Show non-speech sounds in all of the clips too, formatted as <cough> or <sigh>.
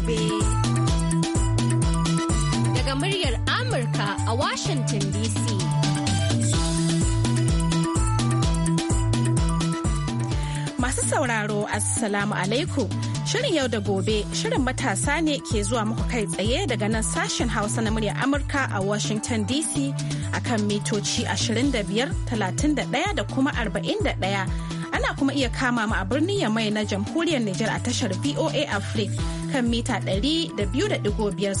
gobe. Daga muryar Amurka a Washington DC. Masu sauraro, Assalamu alaikum. Shirin yau da gobe, shirin matasa ne ke zuwa muku kai tsaye daga nan sashen Hausa na muryar Amurka a Washington DC akan mitoci 25, 31 da kuma 41. ana kuma iya kama mu a birnin yamai na jamhuriyar Nijar a tashar VOA Africa kan mita 200.5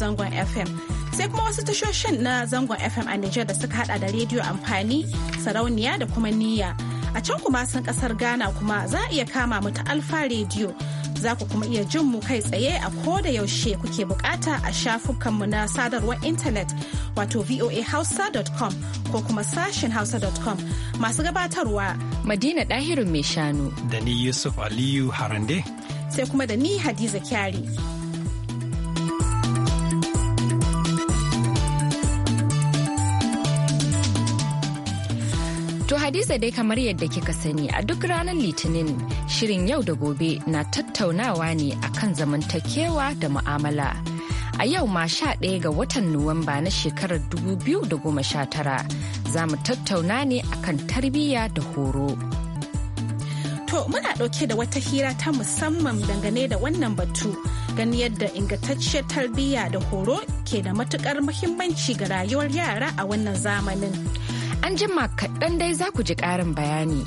zangon FM. Sai kuma wasu tashoshin na zangon FM a Nijar da suka hada da rediyo amfani, sarauniya da kuma niyya. A can kuma sun kasar Ghana kuma za a iya kama mu ta Alfa rediyo Za ku kuma iya jin mu kai tsaye a ko da yaushe kuke bukata a shafukanmu na sadarwar intanet wato voahausa.com ko kuma sashen hausa.com masu gabatarwa Madina Dahiru mai shanu. Da ni Yusuf Aliyu Harande. sai kuma da ni Hadiza Kyari. To Hadiza dai kamar yadda kika sani a duk ranar Litinin shirin yau da gobe na tattaunawa ne akan zamantakewa da mu'amala. A yau ma sha ɗaya ga watan Nuwamba na shekarar 2019 za mu tattauna ne akan tarbiyya da horo. muna ɗauke da wata hira ta musamman dangane da wannan batu gani yadda ingantacciyar tarbiyya da horo ke da matukar muhimmanci ga rayuwar yara a wannan zamanin. An jima kaɗan dai za ku ji ƙarin bayani.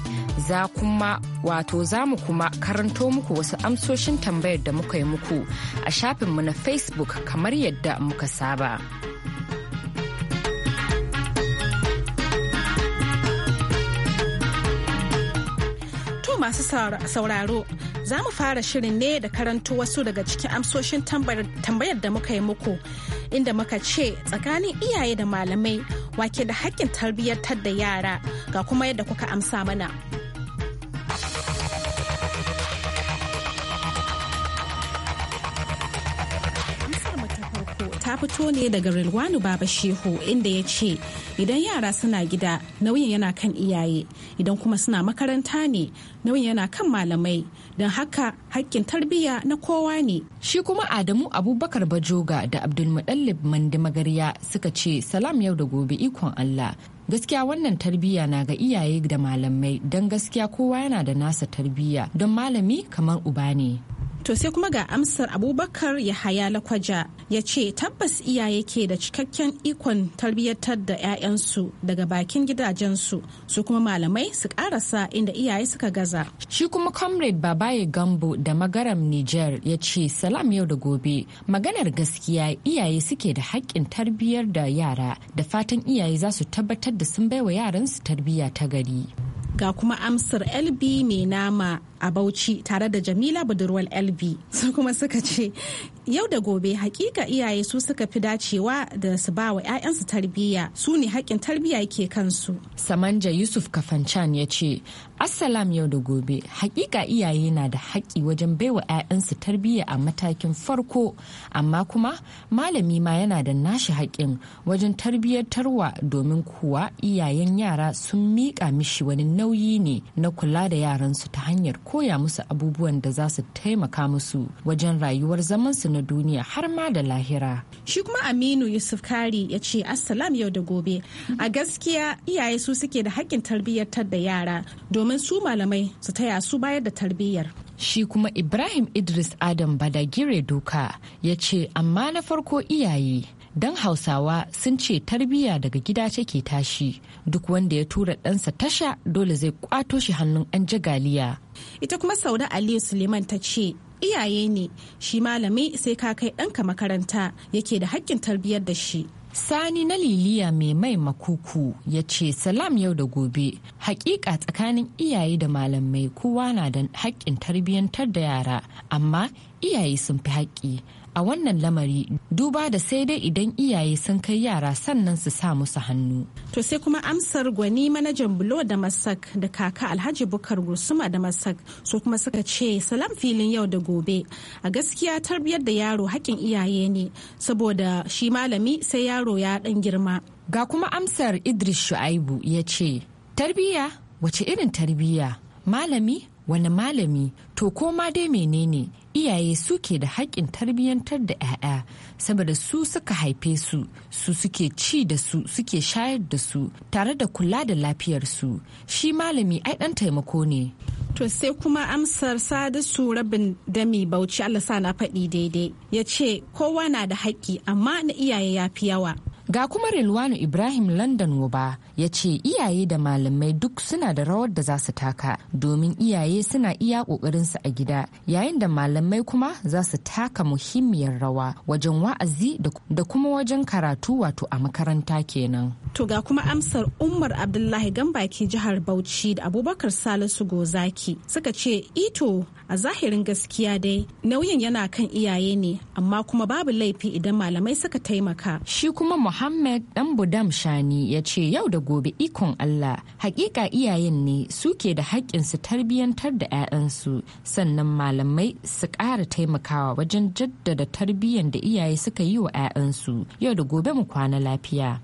Za kuma wato za mu kuma karanto muku wasu amsoshin tambayar da muka yi muku a shafinmu na Facebook kamar yadda muka saba. masu sauraro za mu fara shirin ne da karanto wasu daga cikin amsoshin tambayar da muka yi muku inda muka ce tsakanin iyaye da malamai wake da hakkin tarbiyyantar da yara ga kuma yadda kuka amsa mana. ta fito ne daga Rilwanu Baba Shehu inda ya ce idan yara suna gida nauyin yana kan iyaye idan kuma suna makaranta ne nauyin yana kan malamai don haka hakkin tarbiyya na kowa ne shi kuma adamu abubakar bajoga da abdulmuɗallib mandi magarya suka ce salam yau da gobe ikon allah gaskiya wannan tarbiyya na ga iyaye da malamai don gaskiya kowa yana da nasa tarbiyya don malami kamar uba ne To sai kuma ga amsar Abubakar Yahaya Lakwaja ya ce tabbas iyaye ke da cikakken ikon tarbiyyatar da 'ya'yansu daga bakin gidajensu su kuma malamai su karasa inda iyaye suka gaza. Shi kuma Comrade Babaye Gambo da magaram Niger ya ce salam yau da gobe maganar gaskiya iyaye suke da haƙƙin tarbiyyar da yara da fatan iyaye za su tabbatar da sun baiwa yaransu tarbiyya ta gari. Ga kuma amsar LB mai nama a Bauchi tare da Jamila budurwar LB su kuma suka ce yau da gobe hakika iyaye su suka fi dacewa da su ba wa 'ya'yansu tarbiyya su ne haƙƙin tarbiyya yake kansu. Samanja Yusuf Kafancan ya ce Assalam yau da gobe hakika iyaye na da haƙƙi wajen baiwa 'ya'yansu tarbiyya a matakin farko amma kuma malami ma yana da nashi haƙƙin wajen tarwa domin kuwa iyayen yara sun miƙa mishi wani nauyi ne na kula da yaransu ta hanyar koya musu abubuwan da za su taimaka musu wajen rayuwar zamansu na duniya har ma da lahira. Shi kuma Aminu Yusuf Kari ya ce Assalam yau da gobe. A gaskiya iyaye su suke da haƙƙin tarbiyyantar da yara domin su malamai su taya su bayar da tarbiyyar. Shi kuma Ibrahim Idris Adam Badagire Doka ya ce amma na farko iyaye don hausawa sun ce tarbiyya daga gida take tashi duk wanda ya tura ɗansa tasha dole zai kwato shi hannun an jagaliya ita kuma sauda aliyu suleiman ta ce iyaye ne shi malami sai ka kai ɗanka makaranta yake da haƙƙin tarbiyyar da shi Sani na Liliya mai mai makuku ya ce salam yau da gobe hakika tsakanin iyaye da malamai kowa na da haƙƙin tarbiyyantar da yara amma iyaye sun fi haƙƙi a wannan lamari duba da sai dai idan iyaye sun kai yara sannan su sa musu hannu. To sai kuma amsar gwani manajan bulo da masak da kaka alhaji bukar gursuma da masak su kuma suka ce salam filin yau da gobe a gaskiya tarbiyyar da yaro haƙƙin iyaye ne saboda shi malami sai yaro ya ɗan girma. Ga kuma amsar Idris Shu'aibu ya ce tarbiyya wace irin tarbiyya malami wani malami to ko ma dai menene iyaye suke da haƙƙin tarbiyyantar da 'ya'ya saboda su suka haife su su suke ci da su suke shayar da su tare da kula da lafiyarsu shi malami ai ɗan taimako ne To sai kuma amsar sadisu rabin dami bauchi Allah sa na faɗi daidai ya ce kowa na da haƙƙi amma na iyaye ya fi yawa. Ga kuma Rilwanu Ibrahim London Wuba ya ce iyaye da malamai duk suna da rawar da za su taka domin iyaye suna iya ƙoƙarinsu a gida yayin da malamai kuma za su taka muhimmiyar rawa wajen wa'azi da kuma wajen karatu wato a makaranta kenan. To ga kuma amsar Umar Abdullahi Gambaki jihar Bauchi da Abubakar Salisu Gozaki suka ce ito a zahirin gaskiya dai nauyin yana kan iyaye ne amma kuma babu laifi idan malamai suka taimaka. Shi kuma Muhammad Dan Budam Shani ya ce yau da gobe ikon Allah hakika iyayen ne suke da haƙƙin su tarbiyyantar da 'ya'yansu sannan malamai su ƙara taimakawa wajen jaddada tarbiyyan da iyaye suka yi wa 'ya'yansu yau da gobe mu kwana lafiya.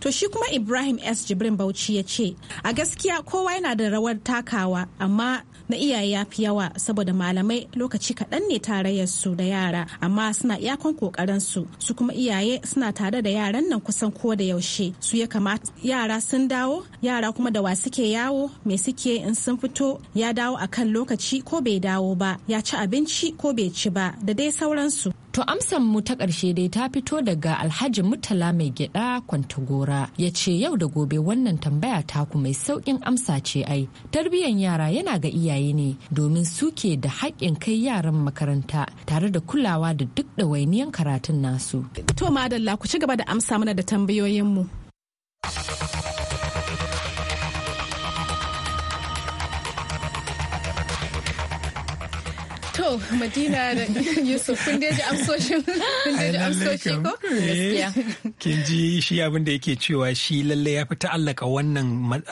To shi kuma Ibrahim S. Jibrin Bauchi ya ce, a gaskiya kowa yana da rawar takawa amma na iyaye ya fi yawa saboda malamai lokaci kaɗan ne tarayyar su da yara amma suna iyakon kokarin su su kuma iyaye suna tare da yaran nan kusan ko da yaushe su ya kamata yara sun dawo yara kuma da wa suke yawo me suke in sun fito ya dawo akan lokaci ko bai dawo ba ya ci abinci ko bai ci ba da dai sauransu To amsan mu ta ƙarshe dai ta fito daga Alhaji Murtala mai gyaɗa Kwantagora ya ce yau da gobe wannan tambaya taku mai sauƙin amsa ce ai. Tarbiyan yara yana ga iyaye ne domin suke da haƙƙin kai yaran makaranta tare da kulawa da duk ɗawainiyan karatun nasu. To madalla ku ci gaba da amsa mana da tambayoyinmu. Madina da <laughs> Yusuf, kun dai ji amsoshi <laughs> kun dai ji amsoshi ko? Eh, kin ji shi abin da yake cewa shi lalle ya fi ta'allaka wannan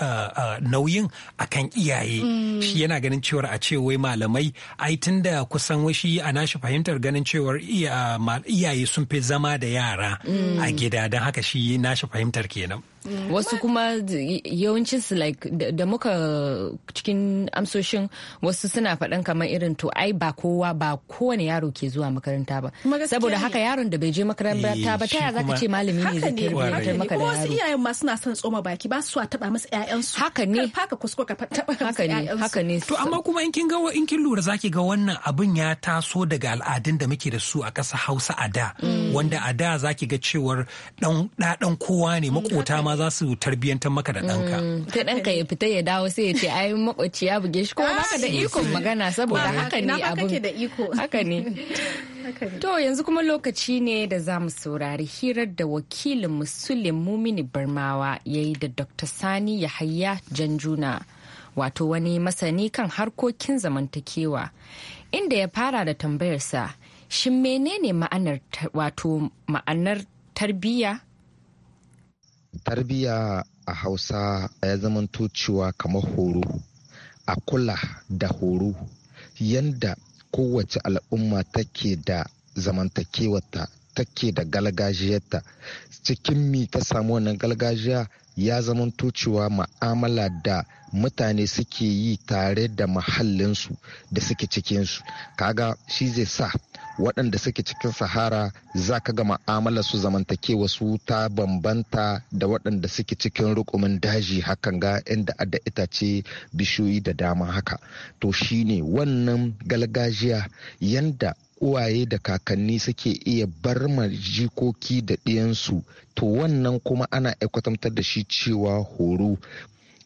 nauyin akan iyaye. Mm. Shi yana ganin cewar a ce wai malamai, ai tunda kusan washi a nashi fahimtar ganin cewar iyaye sun fi zama da yara mm. a gida don haka shi nashi fahimtar kenan. wasu kuma yawancin su like da muka cikin amsoshin wasu suna faɗan kamar irin to ai ba kowa ba kowane yaro ke zuwa makaranta ba saboda haka yaron da bai je makaranta eh, ba ta zaka ce malami ne zai kai maka da yaro wasu iyayen ma suna son tsoma baki ba su taba masa ƴaƴan su haka ne haka kusko ka taba haka ne haka ne to amma kuma in kin ga in kin lura zaki ga wannan abin ya taso daga al'adun da muke da su a ƙasa Hausa a da mm. wanda a da zaki ga cewar dan dan kowa ne makota ma za su tarbiyantar maka da ɗanka. Ta mm, ɗanka ya fita ya dawo sai ya ce ai makwaci ya buge shi kuma baka da ikon magana saboda haka ne Na da iko. <laughs> Haka ne. To yanzu kuma lokaci ne da za mu saurari hirar da wakilin Musulun Mumini Barmawa ya yi da Dr. Sani Yahaya Janjuna. Wato wani masani kan harkokin zamantakewa inda ya fara da tambayarsa shin menene ma'anar wato ma'anar tarbiyya Tarbiyya a Hausa ya zama cewa kamar horo, a kula da horo yanda kowace al'umma take da zamantakewata take da galgajiyarta cikin mi ta samu wannan galgajiya ya zama cewa ma'amala da mutane suke yi tare da mahallinsu da suke cikinsu kaga shi zai sa waɗanda suke cikin sahara za ka ga ma'amalar su zamantakewa su ta bambanta da waɗanda suke cikin rukumin daji hakan ga inda adda itace bishiyoyi da dama haka to shine wannan galgajiya yanda uwaye da kakanni suke iya bar ma jikoki da ɗiyansu to wannan kuma ana kwatantar da shi cewa horo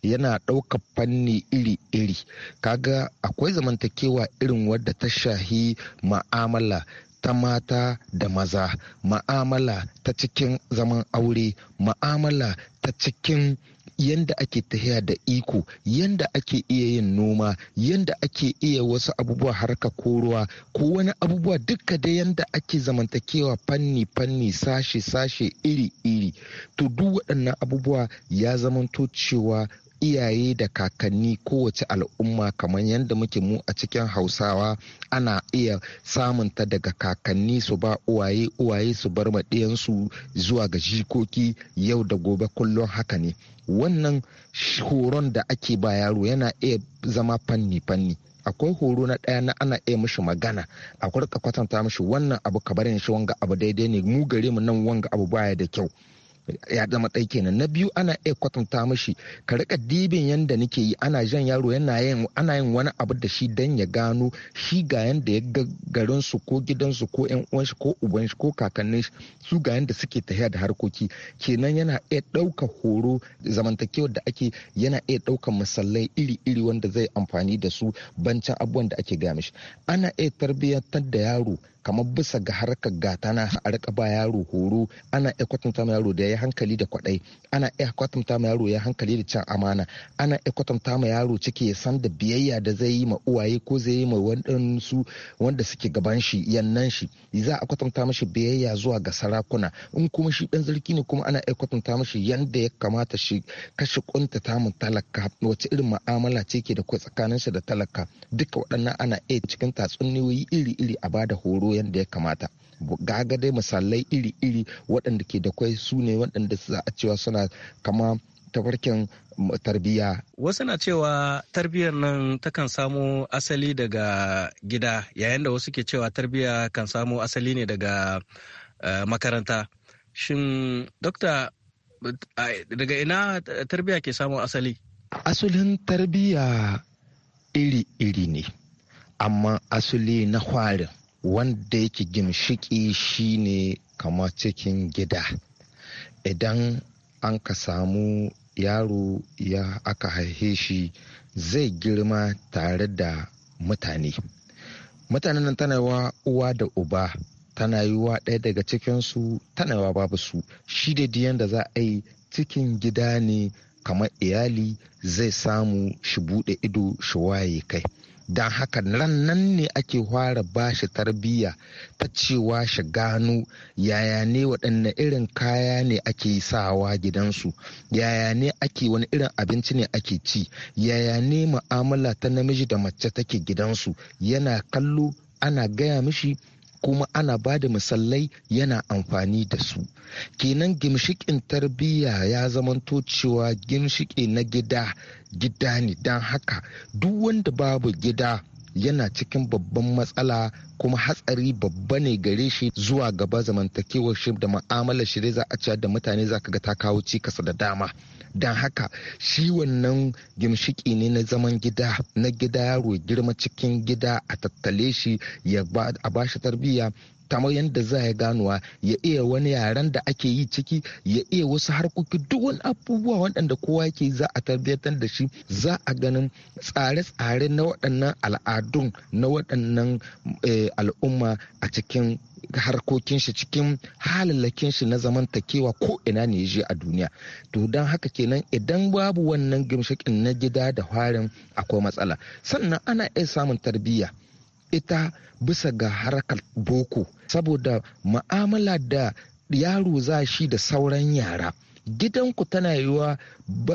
yana ɗauka fanni iri-iri kaga akwai zamantakewa irin wadda ta shahi ma'amala ta mata da maza ma'amala ta cikin zaman aure ma'amala ta cikin yanda ake tahiya da iko yanda ake iya yin noma yanda ake iya wasu abubuwa harka koruwa ko wani abubuwa duka da yanda ake zamantakewa fanni fanni sashe sashe iri iri to duk waɗannan abubuwa ya zamanto cewa iyaye da kakanni kowace al'umma kamar yadda muke mu a cikin hausawa ana iya samunta daga kakanni su ba uwaye uwaye su bar maɗiyansu zuwa ga jikoki yau da gobe kullum haka ne wannan horon da ake ba yaro yana iya zama fanni-fanni akwai horo na ɗaya na ana iya mishi magana a kwatanta mishi wannan abu ka shi wanga abu daidai ne mu gare mu nan wanga abu baya da kyau ya zama ɗai kenan na biyu ana iya kwatanta mashi ka rika dibin yanda nake yi ana jan yaro yana yin wani abu da shi dan ya gano shi ga yanda ya ga garin su ko gidan su ko ƴan uwan shi ko uban shi ko kakannin shi su ga yanda suke tafiya da harkoki kenan yana iya ɗauka horo zamantakewa da ake yana iya ɗaukan misalai iri-iri wanda zai amfani da su bancan abubuwan da ake gaya mishi ana iya tarbiyyantar da yaro kamar bisa ga harkar gata na a rika ba yaro horo ana iya kwatanta ma yaro da ya hankali da kwadai ana iya kwatanta ma yaro ya hankali da cin amana ana iya kwatanta ma yaro cike ya san da biyayya da zai yi ma uwaye ko zai yi ma waɗansu wanda suke gaban shi yannan shi za a kwatanta mashi biyayya zuwa ga sarakuna in kuma shi dan zarki ne kuma ana iya kwatanta mashi yanda ya kamata shi kashe kunta mu talaka wace irin ma'amala ce ke da kwai tsakanin shi da talaka duka waɗannan ana iya cikin tatsuniyoyi iri-iri a bada horo yadda ya kamata gaga dai misalai iri-iri waɗanda ke da kwai su ne waɗanda za a cewa suna kama tafarkin mm, tarbiyya. Wasu na cewa tarbiyyar nan takan samo asali daga gida yayin da wasu ke cewa tarbiyya kan samo asali ne daga eh, makaranta. Shin, Dokta, daga ina tarbiyya ke samu asali? asulin tarbiyya iri-iri ne, amma asali na kwarin wanda yake ginshiki shine kama cikin gida idan an ka samu yaro ya aka haihe shi zai girma tare da mutane mutanen nan tana wa uwa da uba tana yi wa ɗaya daga cikinsu tana wa babu su shi da diyan da za a yi cikin gida ne kamar iyali zai samu shi buɗe ido shi waye kai don haka ran nan ne ake fara bashi tarbiyya ta cewa shi gano yaya ne waɗanne irin kaya ne ake sawa gidansu yaya ne ake wani irin abinci ne ake ci yaya ne mu'amala ta namiji da mace take gidansu yana kallo ana gaya mishi kuma ana ba da misalai yana amfani da su kenan gimshikin tarbiyya ya zamanto cewa gimshiki na gida gida ne don haka duk wanda babu gida yana cikin babban matsala kuma hatsari babba ne gare shi zuwa gaba zamantakewar shi da ma'amalar shi za a ciyar da mutane za ka ga ta kawo cikasa da dama don haka shi wannan gimshiki ne na zaman gida na gida yaro girma cikin gida a tattale shi ya a bashi tarbiyya kamar yadda za ya ganuwa ya iya wani yaren da ake yi ciki ya iya wasu harkoki duk wani abubuwa waɗanda kowa yake za a tarbiyyatar da shi za a ganin tsare-tsare na waɗannan al'adun na waɗannan eh, al'umma a cikin harkokin shi cikin halallakin shi na zamantakewa ko ina ne je a duniya to don haka kenan idan babu wannan gimshikin na gida da harin akwai matsala sannan ana iya samun tarbiyya ita bisa ga harkar boko saboda ma'amala da yaro za shi da sauran yara gidanku tana yiwa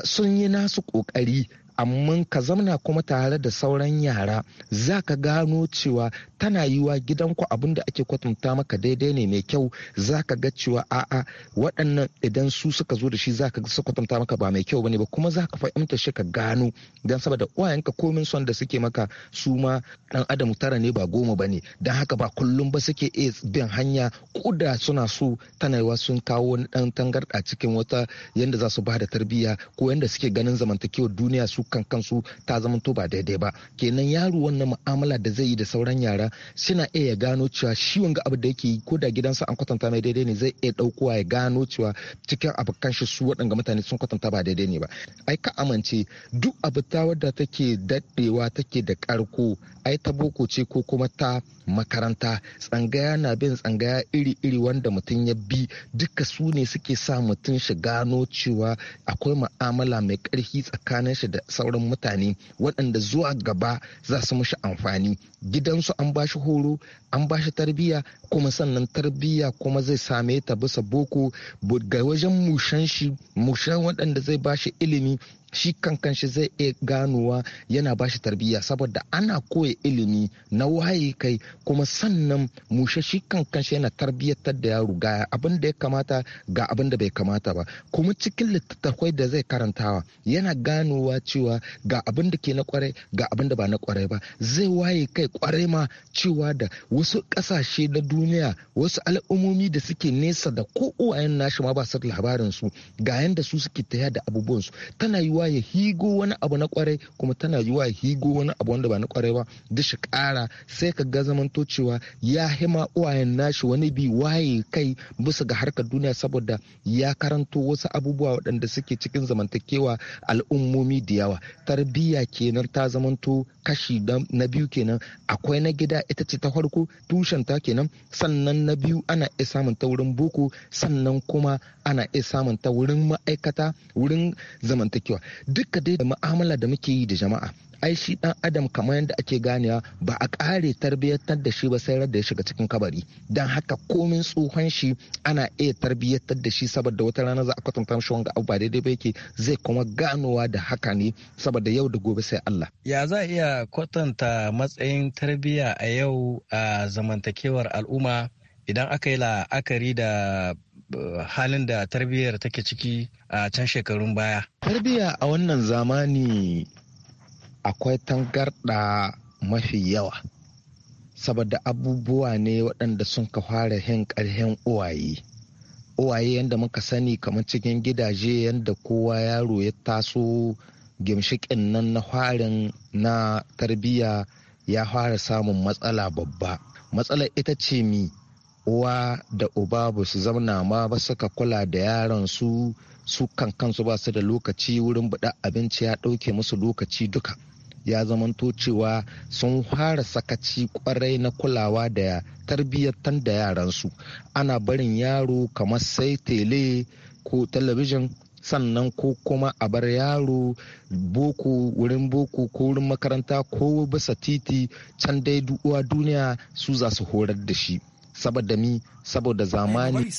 sun yi nasu kokari. amma ka zamna kuma tare da sauran yara za ka gano cewa tana gidan gidanku abin da ake kwatanta maka daidai ne mai kyau za ka ga cewa a'a waɗannan idan su suka zo da shi za ka su kwatanta maka ba mai kyau bane ba kuma za ka fahimta shi ka gano don saboda uwayenka komin son da suke maka su ma ɗan adam tara ne ba goma ba ne don haka ba kullum ba suke iya bin hanya kuda suna so tana yiwa sun kawo wani ɗan tangarɗa cikin wata yanda za su ba da tarbiyya ko yanda suke ganin zamantakewar duniya su kan kansu ta zama ba daidai ba kenan yaro wannan mu'amala da zai yi da sauran yara suna iya ya gano cewa shi wanga abu da yake yi ko da gidansa an kwatanta mai daidai ne zai iya daukowa ya gano cewa cikin abokan shi su waɗanga mutane sun kwatanta ba daidai ne ba ai ka amince duk abu ta wadda take daɗewa take da ƙarko ai ta boko ce ko kuma ta makaranta tsangaya na bin tsangaya iri-iri wanda mutum ya bi duka su ne suke sa mutum shi gano cewa akwai ma'amala mai ƙarfi tsakanin shi da sauran mutane waɗanda zuwa gaba za su mushi amfani gidansu an ba shi horo an ba shi tarbiyya kuma sannan tarbiyya kuma zai same ta bisa boko ga wajen mushen shi mushen waɗanda zai ba shi ilimi shi kankan shi zai iya ganuwa yana ba shi tarbiyya saboda ana koya ilimi na waye kai kuma sannan mushe shi kankan shi yana tarbiyyatar da yaro ga abin da ya kamata ga abin da bai kamata ba kuma cikin littattafai da zai karantawa yana ganuwa cewa ga abin da ke na kwarai ga abin da ba na kwarai ba zai waye kai kwarai ma cewa da wasu kasashe na duniya wasu al'ummomi da suke nesa da ko uwayen nashi ma ba su labarin su ga yanda su suke taya da abubuwan su tana yiwa ya higo wani abu na kwarai kuma tana yiwa ya higo wani abu wanda ba na kwarai ba duk shi kara sai ka ga zamanto cewa ya hima uwayen nashi wani bi waye kai bisa ga harkar duniya saboda ya karanto wasu abubuwa waɗanda suke cikin zamantakewa al'ummomi da yawa tarbiyya kenan ta zamanto kashi na biyu kenan akwai na gida ita ce ta farko tushen ta kenan sannan na biyu ana iya samun ta wurin boko sannan kuma ana iya samun ta wurin ma'aikata wurin zamantakewa duka dai ma'amala da muke yi da jama'a ai shi dan adam kamar yadda ake ganewa ba a kare tarbiyyatar da shi ba sai da ya shiga cikin kabari don haka komin tsohon shi ana iya tarbiyyatar da shi saboda wata rana za a kwatanta shi wanga abu ba daidai ba yake zai kuma ganowa da haka ne saboda yau da gobe sai Allah ya za iya kwatanta matsayin tarbiyya a yau a zamantakewar al'umma idan aka yi la'akari da halin da tarbiyyar take ciki a can shekarun baya tarbiyya a wannan zamani akwai tangarɗa mafi yawa saboda abubuwa ne waɗanda sun ka fara hin ƙarhin uwaye uwaye yadda muka sani kamar cikin gidaje yadda kowa yaro ya taso gimshikin nan na farin na tarbiyya ya fara samun matsala babba matsalar ita ce mi uwa da uba ba su zamna ma ba suka kula da yaron su su kan kansu ba su da lokaci wurin buɗa abinci ya ɗauke musu lokaci duka ya zamanto cewa sun fara sakaci kwarai na kulawa da tarbiyyar da yaransu ana barin yaro kamar sai tele ko talabijin sannan ko kuma a bar yaro boko wurin boko ko wurin makaranta ko bisa titi can dai uwa duniya su za su horar da shi saboda mi saboda zamani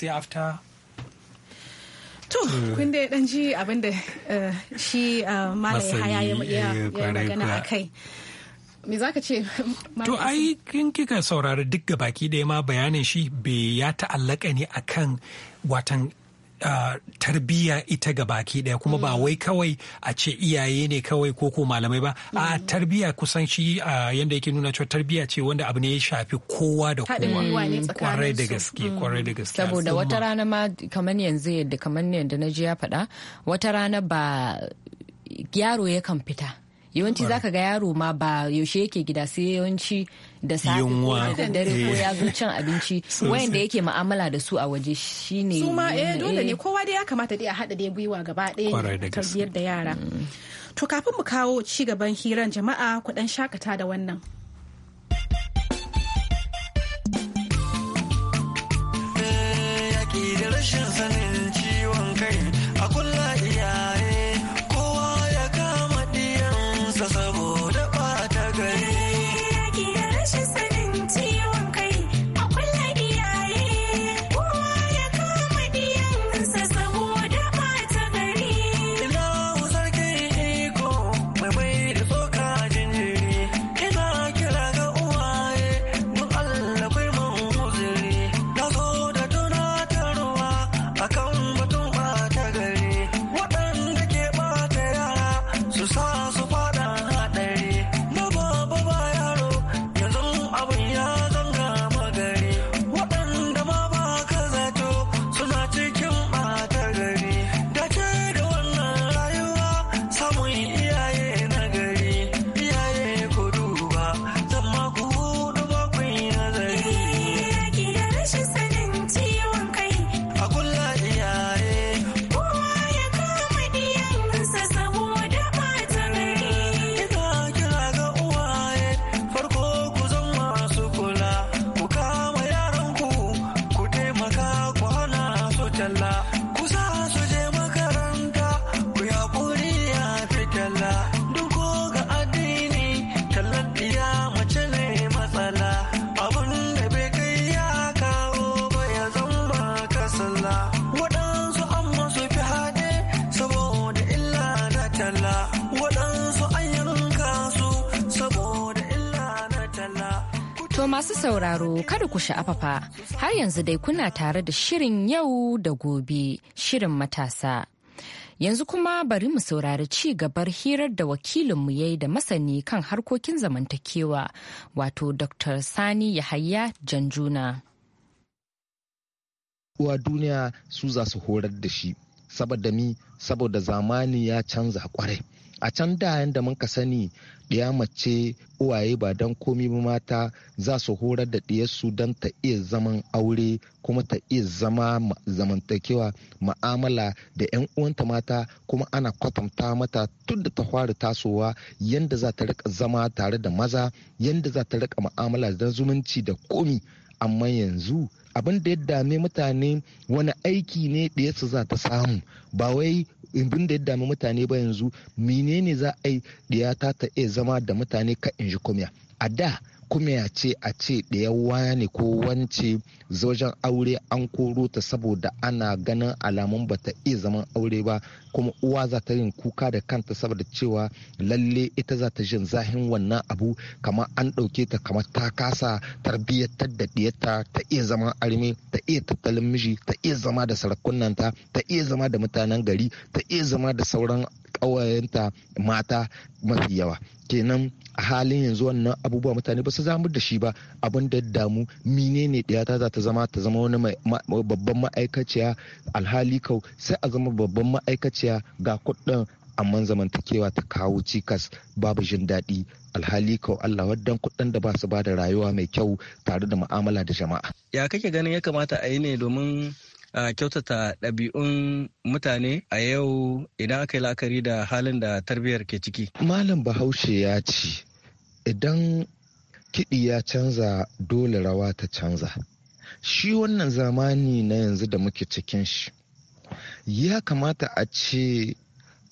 To, kun dai dan ji abin da eh, shi eh, malai haya ya eh, magana a kai. me za ka ce to ai kin kika saurari duk gabaki da ma bayanin shi bai ya ta'allaka ne akan watan tarbiyya ita ga baki daya kuma ba mm. wai kawai a ce iyaye ne kawai ko ko malamai ba a mm. tarbiyya kusan shi yanda yake nuna cewa tarbiyya ce wanda abu ne ya shafi kowa da kowa mm, kwarai da gaske kwarai da gaske saboda wata rana ma kamar yanzu yadda kamar yadda na ji ya faɗa wata rana ba yaro yakan fita yawanci zaka ga yaro ma ba yaushe yake gida sai yawanci da safe ko da dare ko eh. ya zo cin abinci <laughs> wayanda yake ma'amala da su a waje shine su ma eh dole ne eh. kowa dai ya kamata dai a hada dai gwiwa gaba ɗaya tarbiyyar da yara mm. to kafin mu kawo ci gaban hiran jama'a kuɗin shakata da wannan sauraro kada ku sha'afafa har yanzu dai kuna tare da shirin yau da gobe shirin matasa. Yanzu kuma bari mu saurari ci gabar hirar da wakilinmu ya yi da masani kan harkokin zamantakewa wato Dr. Sani Yahaya Janjuna. Uwa duniya su za su horar da shi, saboda mi, saboda zamani ya canza kwarai. A can da yadda mun ka sani ɗiya mace uwaye ba don komi ba mata za su horar da ɗiyarsu don ta iya zaman aure kuma ta iya zama zamantakewa ma'amala da 'yan uwanta mata kuma ana kwatanta mata tun da ta fara tasowa yadda za ta rika zama tare da maza yadda za ta rika ma'amala da zumunci da komi amma yanzu abin da ya dame mutane wani aiki ne ɗiyarsu za ta samu ba wai abin da ya dami mutane ba yanzu menene za a yi ya ta iya zama da mutane ka in ji kumya a da kuma ya ce a ce ɗaya wani ko wance zojen aure an koro ta saboda ana ganin alamun ba ta iya zaman aure ba kuma uwa za ta yin kuka da kanta saboda cewa lalle ita za ta jin zahin wannan abu kamar an ɗauke ta kamar ta kasa tarbiyyatar da ɗiyarta ta iya zama arme ta iya tattalin miji ta iya zama da sarakunanta ta iya zama da mutanen gari ta iya zama da sauran ƙawayenta mata mafi yawa kenan a halin yanzu wannan abubuwa mutane ba su zamu da shi ba abin da damu mine ne ɗiyata za ta zama ta zama wani babban ma'aikaciya alhali kau sai a zama babban ma'aikaciya ga kuɗin amman zamantakewa ta kawo cikas babu jin daɗi alhali kau Allah waddan kuɗin da ba su ba da rayuwa mai kyau tare da mu'amala da jama'a. Ya kake ganin ya kamata a yi ne domin kyautata ɗabi'un mutane a yau idan aka yi la'akari da halin da tarbiyyar ke ciki. Malam Bahaushe ya ce, idan kiɗi ya canza dole rawa ta canza. Shi wannan zamani na yanzu da muke cikin shi, ya kamata a ce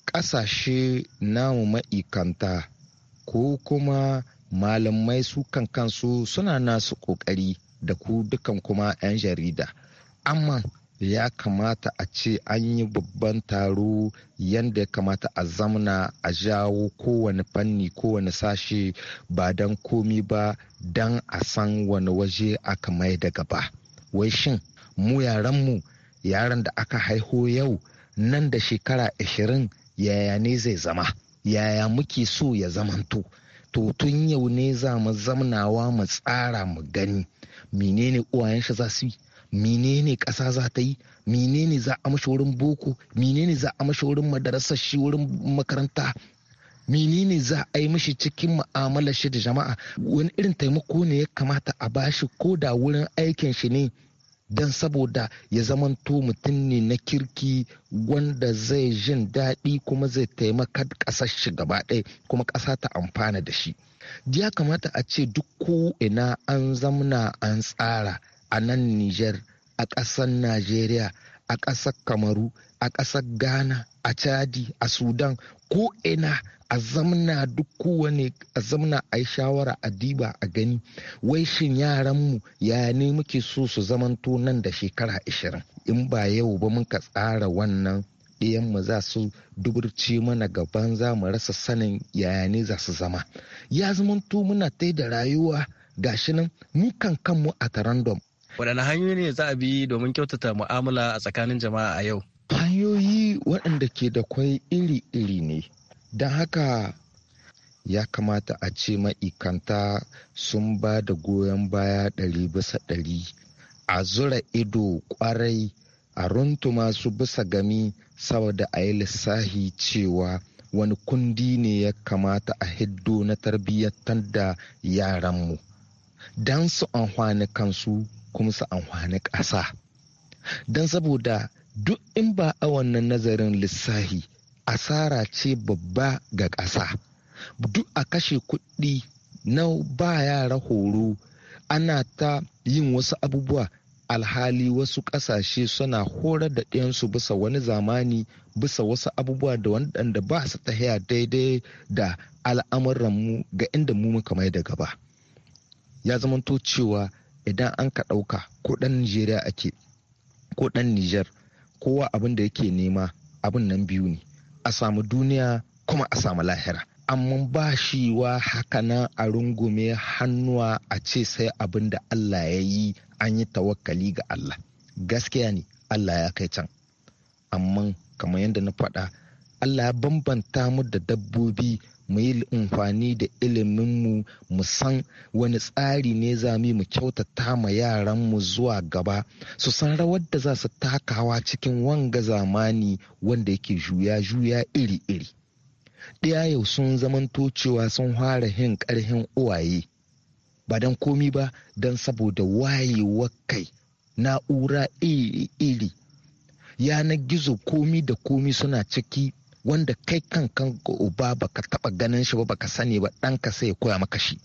ƙasashe namu ma'ikanta ko kuma malamai su kan kansu suna nasu ƙoƙari da ku dukan kuma 'yan jarida. Amma ya kamata a ce an yi babban taro yadda ya kamata a zamna a jawo kowane fanni kowane sashe ba don komi ba don a san wani waje aka mai da gaba wai shin mu yaranmu yaran da aka haiho yau nan da shekara ashirin yaya ne zai zama yaya muke so ya zamanto to tun yau ne za mu zamnawa mu tsara mu gani menene uwayen shi za su yi menene ƙasa za ta yi menene za a mashi wurin boko menene za a mashi wurin madarasar shi wurin makaranta menene za a yi mashi cikin mu'amalar shi da jama'a wani irin taimako ne ya kamata a bashi ko da wurin aikin shi ne don saboda ya zamanto mutum ne na kirki wanda zai jin daɗi kuma zai taimaka ƙasar shi gaba ɗaya kuma ƙasa ta amfana da shi ya kamata a ce duk ko ina an zamna an tsara a nan Nijar, a ƙasar Najeriya, a ƙasar Kamaru, a ƙasar Ghana, a Chadi, a Sudan, ko ina a zamna duk kowane a zamna a shawara a diba a gani wai shin yaranmu ya ne muke so su zamanto nan da shekara ashirin in ba yau ba ka tsara wannan ɗiyanmu za su duburci mana gaban za mu rasa sanin yaya ne za su zama ya zamanto muna tai da rayuwa gashi nan mu kan kanmu a tarandom waɗanne hanyoyi ne za a bi domin kyautata mu'amala a tsakanin jama'a a yau hanyoyi waɗanda ke da kwai iri-iri ne don haka ya kamata a ce ma'ikanta sun ba da goyon baya ɗari bisa ɗari a zura ido ƙwarai a runtuma su bisa gami saboda a yi lissahi cewa wani kundi ne ya kamata a hiddo na tarbiyyar da yaranmu don su an kansu kuma su amfani ƙasa don saboda duk in ba a wannan nazarin lissahi asara ce babba ga ƙasa duk a kashe kuɗi na ba yara horo ana ta yin wasu abubuwa alhali wasu ƙasashe suna horar da ɗayansu bisa wani zamani bisa wasu abubuwa da wanda ba su tahiya daidai da mu ga inda mu muka mai da gaba ya zamanto cewa idan an ka ɗauka ko ɗan Nijeriya ake ko ɗan Nijar kowa abin da yake nema abin nan biyu ne a samu duniya kuma a samu lahira. amma ba shi wa nan a rungume hannuwa a ce sai abin da Allah ya yi an yi tawakkali ga Allah gaskiya ne Allah ya kai can amma kamar yadda na faɗa Allah ya bambanta mu da dabbobi mu yi amfani da iliminmu mu san wani tsari ne za mu kyautata ma yaranmu zuwa gaba su san rawar da za su takawa cikin wanga zamani wanda yake juya-juya iri-iri ɗaya yau sun zamanto cewa sun fara hin ƙarhin uwaye ba don komi ba don saboda wayewar kai na'ura iri-iri yanar gizo komi da komi suna ciki wanda kai kan kankan uba baka taba ganin shi ba baka sani ba ɗanka sai ya koya maka shi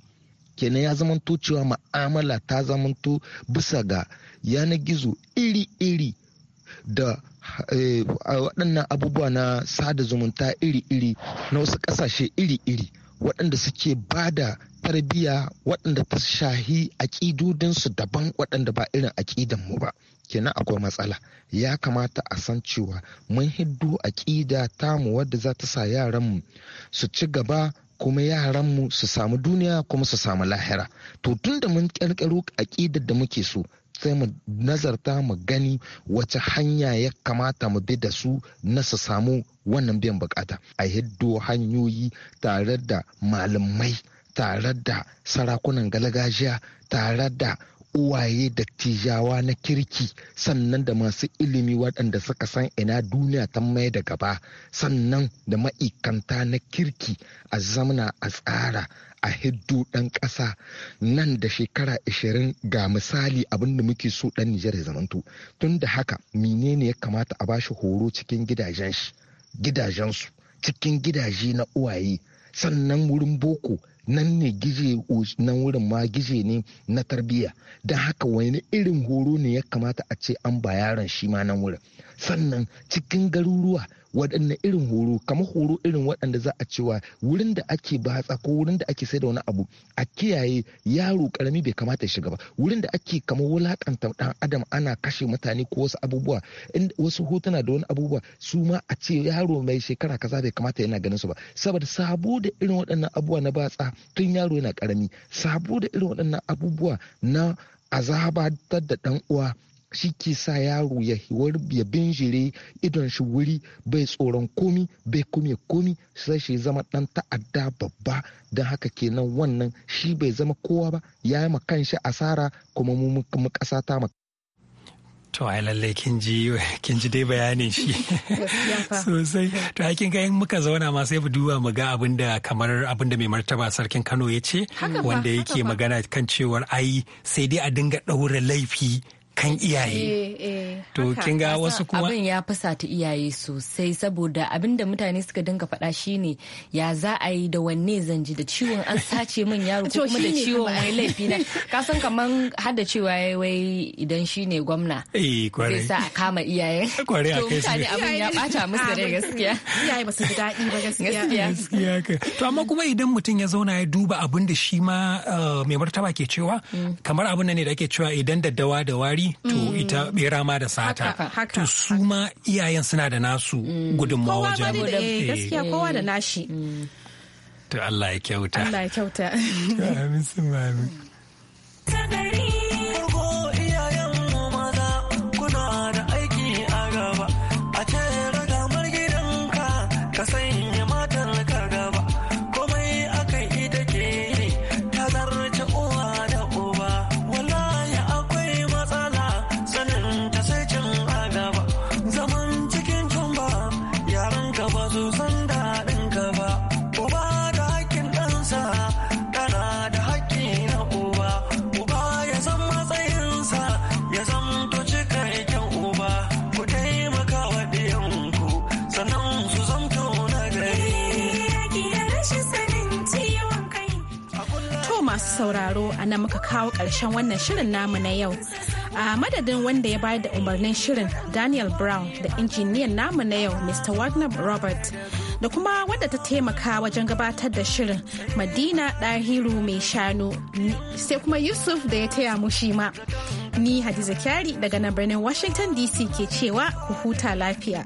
kenan ya zamanto cewa ma'amala ta zamanto bisa ga yanar gizo iri-iri da eh, waɗannan abubuwa na sada zumunta iri-iri na wasu ƙasashe iri-iri waɗanda suke ba da tarbiyya waɗanda ta shahi aƙidodinsu daban waɗanda ba irin mu ba kenan akwai matsala ya kamata a san cewa mun hiddu a aƙida mu wadda za ta sa yaranmu su ci gaba kuma yaranmu su samu duniya kuma su samu lahira to tun da mun ƙirƙiro aƙidar da muke so sai mu nazarta mu gani wace hanya ya kamata mu bi da su na su samu wannan biyan bukata a hiddo hanyoyi tare da malamai tare da sarakunan galagajiya tare da uwaye da tijawa na kirki sannan da masu ilimi waɗanda suka san ina duniya ta mai da gaba sannan da ma'ikanta na kirki a zamna a tsara a hiddu ɗan ƙasa nan da shekara 20 ga misali abinda muke so ɗan Nijar ya zamanto tun da haka menene ya kamata a bashi horo cikin gidajen gidajensu cikin gidaje na uwaye sannan wurin boko nan ne gije nan wurin ma gije ne na tarbiyya don haka wani irin horo ne ya kamata a ce an ba yaron shi ma nan wurin sannan cikin garuruwa waɗanne irin horo kamar horo irin waɗanda za a cewa wurin da ake batsa ko wurin da ake da wani abu a kiyaye yaro karami bai kamata ya shiga ba wurin da ake kamar wulaƙanta ɗan adam ana kashe mutane ko wasu abubuwa wasu hotuna da wani abubuwa su ma a ce yaro mai shekara kaza bai kamata yana ganin su ba saboda sabo da irin waɗannan abubuwa na batsa tun yaro yana karami sabo da irin waɗannan abubuwa na azabatar da ɗan uwa shi ke sa yaro ya ya binjire idon shi wuri bai tsoron komi bai kume komi sai shi zama dan ta'adda babba don haka kenan wannan shi bai zama kowa ba ya yi kanshi asara kuma mu kasa ta To ai lalle kin ji kin ji dai bayanin shi <laughs> sosai to ai kin ga in muka zauna ma sai mu duba mu ga abin da kamar abin da mai martaba sarkin Kano ya ce wanda yake magana kan cewar ai sai dai a dinga daura laifi kan eh, iyaye eh, to kin ga wasu kuma abin ya ta iyaye sosai saboda abin da mutane suka dinga faɗa shine ya za a yi da wanne zan da ciwon an sace min yaro ko <laughs> kuma da ciwon mai laifi na <laughs> ka san kaman har da cewa yayi wai idan shine gwamna eh kware sai sa kama iyaye <laughs> kware a kai mutane abin ya bata musu da gaskiya iyaye ba su ji daɗi ba gaskiya gaskiya ka, to amma kuma idan mutum ya zauna ya duba abin da shi ma eh, mai martaba ke cewa mm. kamar abin ne da ake cewa idan daddawa da wari haƙuri to mm. ita bera ma da sata to su ma iyayen suna da nasu mm. gudunmawa wajen eh, eh, gaskiya eh. kowa da nashi to Allah ya kyauta Allah ya kyauta <laughs> amin sun mami sauraro a nan muka kawo ƙarshen wannan shirin namu na yau. A madadin wanda ya bayar da umarnin shirin Daniel Brown da injiniyan namu na yau Mr. Wagner Robert da kuma wanda ta taimaka wajen gabatar da shirin Madina Dahiru mai shanu sai kuma Yusuf da ya taya mu shi ma. Ni Hadiza Kyari daga nan birnin Washington DC ke cewa ku huta lafiya.